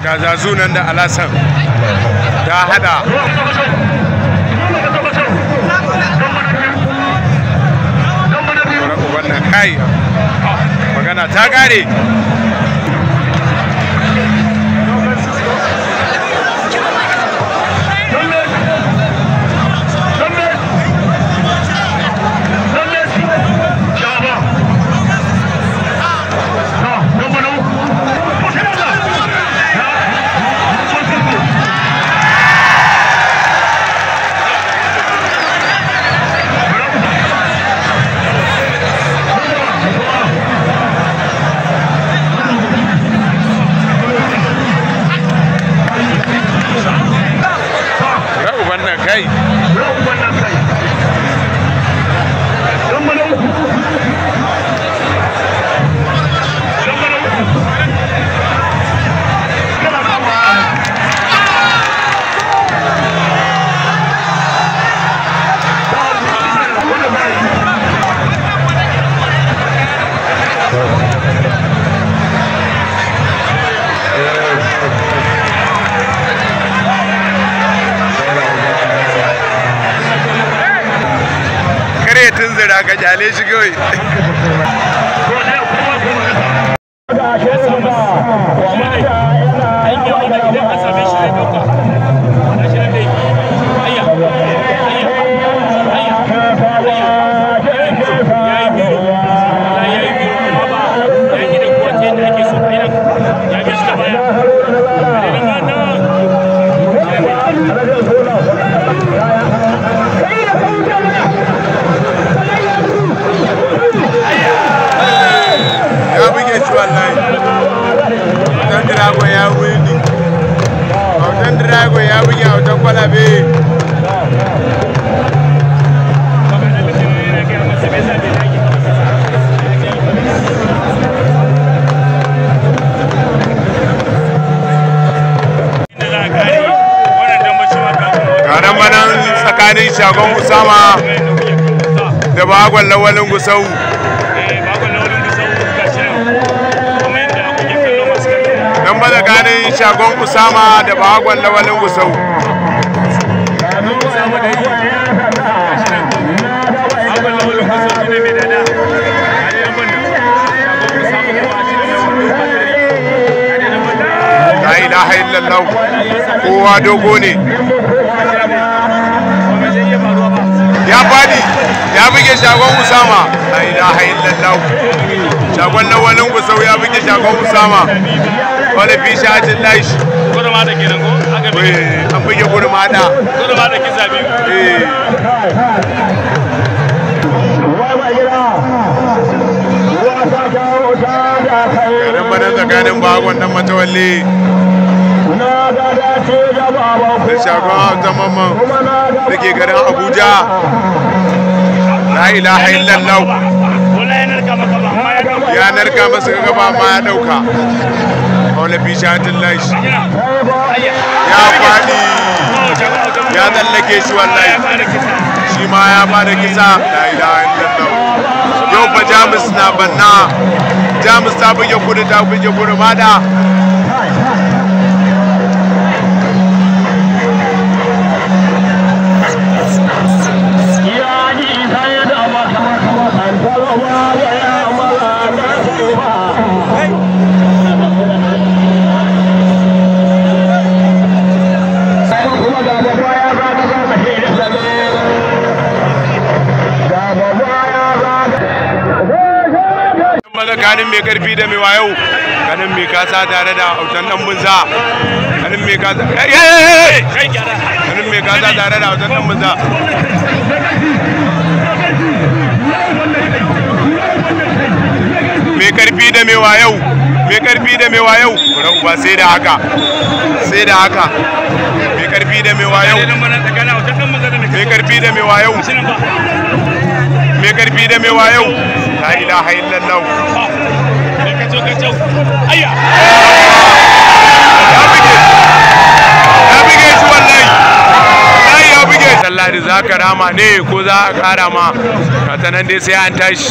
gazazu nan da alasan ta hada magana ta gare shagon usama da bagon lawalin gusau don ba da ganin shagon usama da bagon lawalin gusau La ilaha illallah kowa dogo ne buge shagon usama la ilaha illallah shagon na wani gusau ya buge shagon usama wani fi shajin laishi gudu ma da kenan ko aka buge eh, an buge gudu ma da gudu ma da kisa biyu garin bana tsakanin bagon nan matawalle da shagon hauta mamman da ke garin abuja la ilaha illallah ya narka masa gaba ya dauka haula fi shahatin ya ya tsallake shi wallahi shi ma ya bada kisa la ilaha illallah yau fa jamus na banna jamus ta buge kudu ta buge kudu ma da tsakanin mai karfi da mai wayo ganin mai kasa tare da autan dan bunza ganin mai kasa ganin mai kasa tare da autan dan bunza mai karfi da mai wayo mai karfi da mai wayo ran uba sai da haka sai da haka mai karfi da mai wayo mai karfi da mai wayo me garbi da mai yau la ilaha illallah kacho kacho ayya ya ya rama ne ko za a kara ma ka tanan dai sai an tashi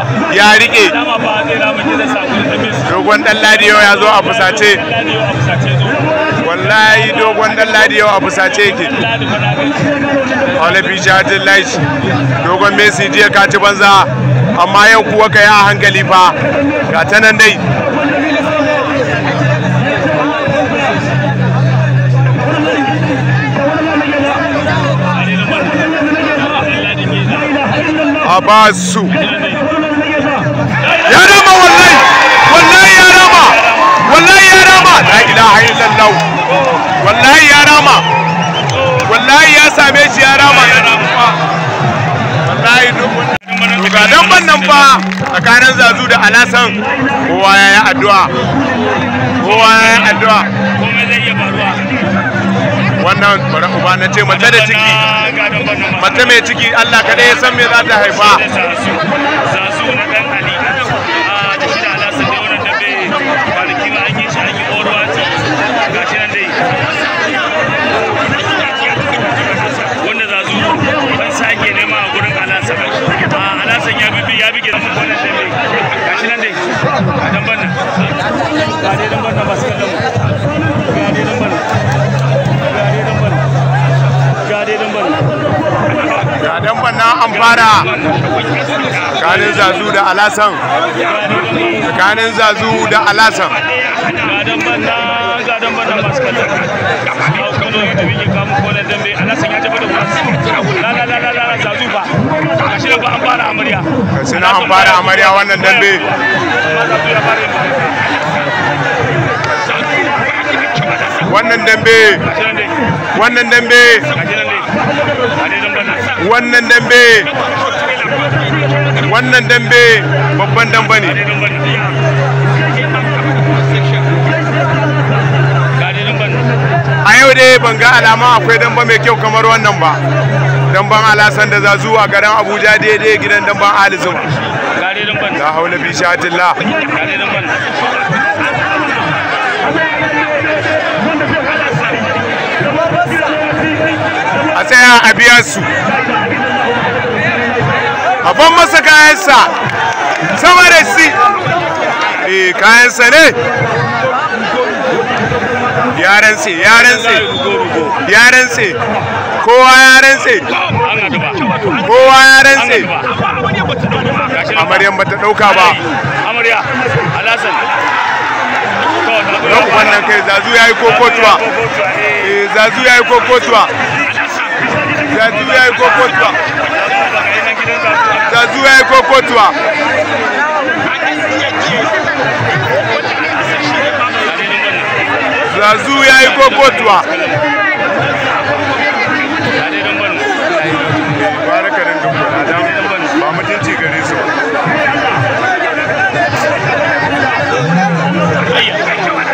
ya rike dogon dan ladiyo ya zo a fusace wallahi dogon dan ladiyo a fusace yake olabi jadin laishi dogon messi jiya kaci banza amma yau kuwa ka yi a hankali fa ga ta nan dai Abbasu. ya rama wallahi wallahi ya rama wallahi ya rama la ilaha illallah wallahi ya rama wallahi ya same shi ya rama wallahi dubun ga dan fa tsakanin zazu da alasan kowa ya yi addu'a kowa ya yi addu'a komai zai iya faruwa wannan bari uba na ce mace da ciki mace mai ciki Allah kada ya san me za ta haifa fara tsakanin zazu da alasan tsakanin zazu da alasan gashi na an fara amarya wannan dambe wannan dambe wannan dambe wannan dambe wannan dambe babban damba ne a yau dai ban ga alama akwai damba mai kyau kamar wannan ba damban alasan da za zuwa garin abuja daidai gidan damban alizum hau haula bi shatillah a tsaya a biya su a masa kayansa sama da si eh kayansa ne yaran se yaran kowa yaran kowa yaran se amaryan bata dauka ba amarya alasan don wannan kai e, zazu ya yi kokotuwa zazu ya yi kokotuwa zazu ya yi kokotuwa zazu ya yi kokotuwa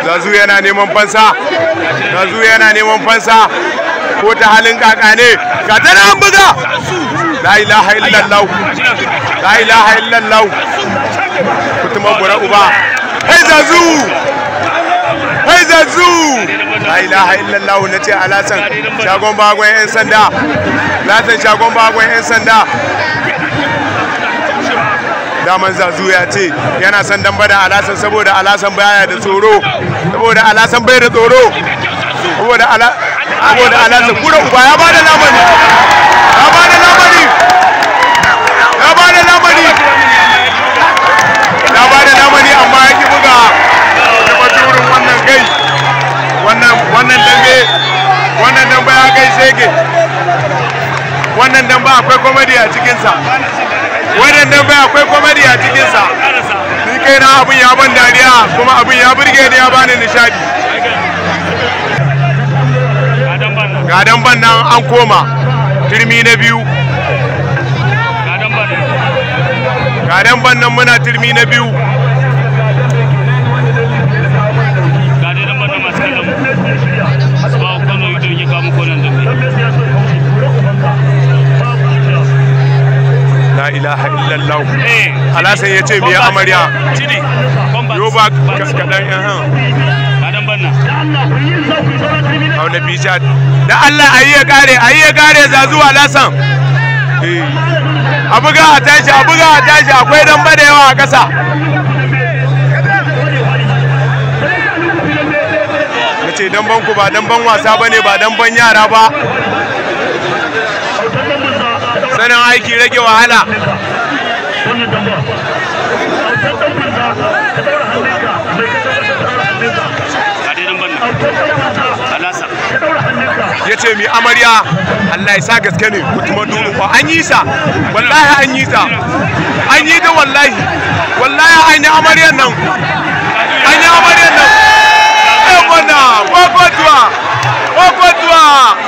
zazu yana neman fansa zazu yana neman fansa ko ta halin kakane. ne ka buga la ilaha illallah la ilaha illallah kutuma gura uba hey zazu hey zazu la ilaha illallah nace alasan shagon bagon yan sanda lasan shagon bagon yan sanda daman zazu ya ce yana son damba da alasan saboda alasan baya da tsoro saboda alasan bai da tsoro saboda alasan kura uba ya bada lamari ya bada lamari wannan dambe wannan dambe ya kai sege wannan dambe akwai komedi a cikinsa wannan dambe akwai komedi a cikinsa ni kai na abin ya ban dariya kuma abin ya burge ni ya bani nishadi ga damban nan an koma turmi na biyu ga damban nan muna turmi na biyu ilaha illallah alasan ya ce me ya amarya yoba kaskadan yan eh, eh. han kadan banna a wani bisha da allah ayi ya kare ayi ya kare za zuwa alasan a buga a tashi a buga a tashi akwai dan bada yawa a kasa ce dan ban ku ba dan ban wasa bane ba dan ban yara ba sanin aiki rage wahala ya ce mi amarya Allah ya sa gaske ne kuma duru ko an yi sa wallahi an yi sa an yi da wallahi wallahi an yi amaryan nan an yi amaryan nan ko ɗan wana ko kwakwaduwa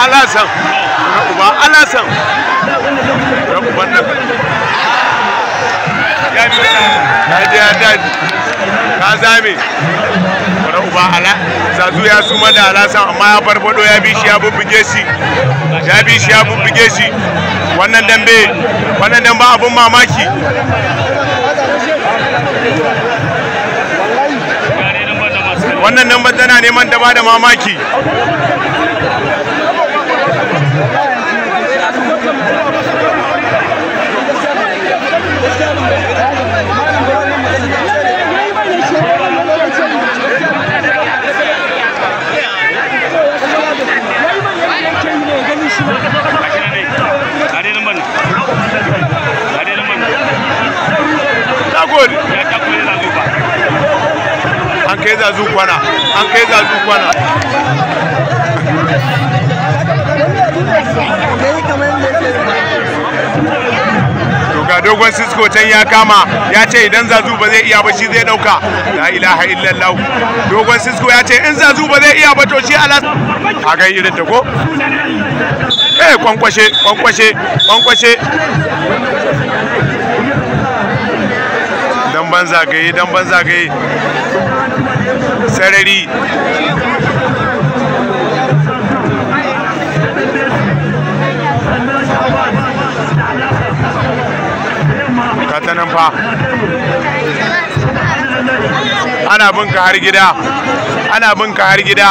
alasan na uba alasan na ya ji ya ji ya ka zame na uba ala zazu ya suma da alasan amma ya farfado ya bi shi ya bubbuge shi ya bi shi ya bubbuge shi wannan dambe wannan dambe abun mamaki wannan nan tana neman ta da mamaki gol an kai zazu kwana an kai zazu kwana dogon sisko can ya kama ya ce idan zazu ba zai iya ba shi zai dauka la ilaha illallah dogon sisko ya ce in zazu ba zai iya ba to shi alas a ga irin ta ko eh kwankwashe kwankwashe kwankwashe dan ban zagaye dan ban zagaye sarari ta nan fa ana binka har gida ana binka har gida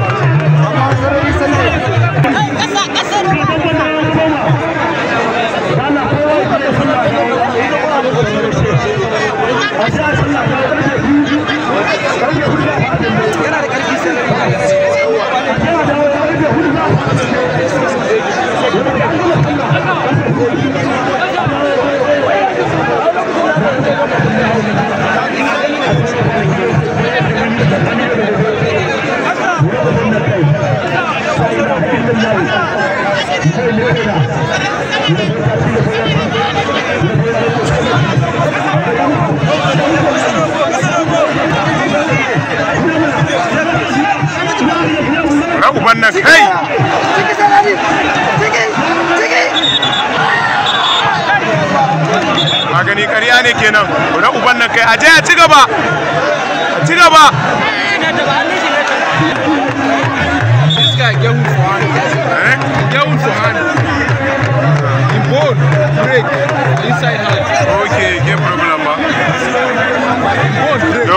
ऐसा सुनना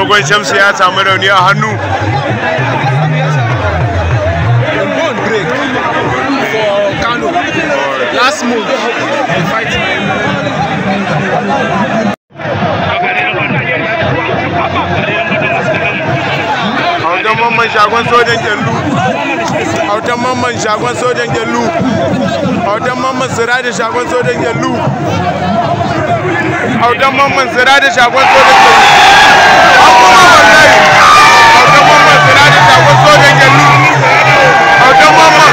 dogon shamsu ya samu rauni a hannu hautan mamman shagon sojan gyallu hautan mamman shagon sojan gyallu hautan mamman da shagon sojan gyallu autan mamman sira da shagon sojan gelu an kuma wallahi da shagon sojan